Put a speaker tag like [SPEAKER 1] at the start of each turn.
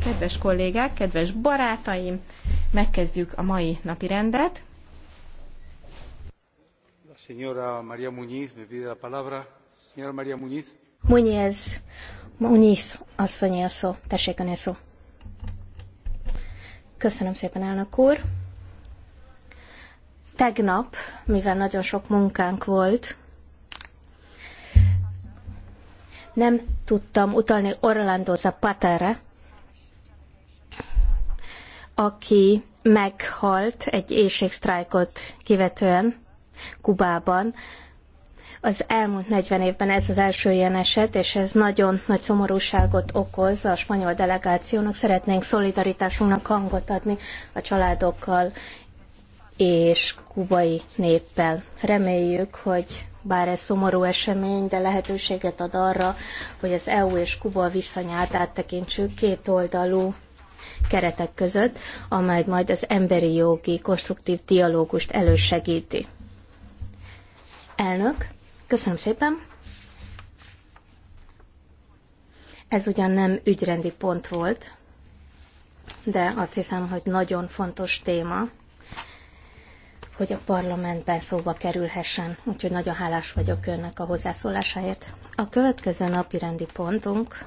[SPEAKER 1] Kedves kollégák, kedves barátaim, megkezdjük a mai napi rendet. La señora María Muñiz me pide la palabra. Señora María Muñiz. Munyez, Munyiz asszonyi a szó. Tessék a szó. Köszönöm szépen, elnök úr. Tegnap, mivel nagyon sok munkánk volt, nem tudtam utalni Orlando Zapaterre, aki meghalt egy éjségsztrájkot kivetően Kubában, az elmúlt 40 évben ez az első ilyen eset, és ez nagyon nagy szomorúságot okoz a spanyol delegációnak. Szeretnénk szolidaritásunknak hangot adni a családokkal és kubai néppel. Reméljük, hogy bár ez szomorú esemény, de lehetőséget ad arra, hogy az EU és Kuba viszonyát áttekintsük két oldalú keretek között, amely majd az emberi jogi konstruktív dialógust elősegíti. Elnök, Köszönöm szépen. Ez ugyan nem ügyrendi pont volt, de azt hiszem, hogy nagyon fontos téma, hogy a parlamentben szóba kerülhessen. Úgyhogy nagyon hálás vagyok önnek a hozzászólásáért. A következő napi rendi pontunk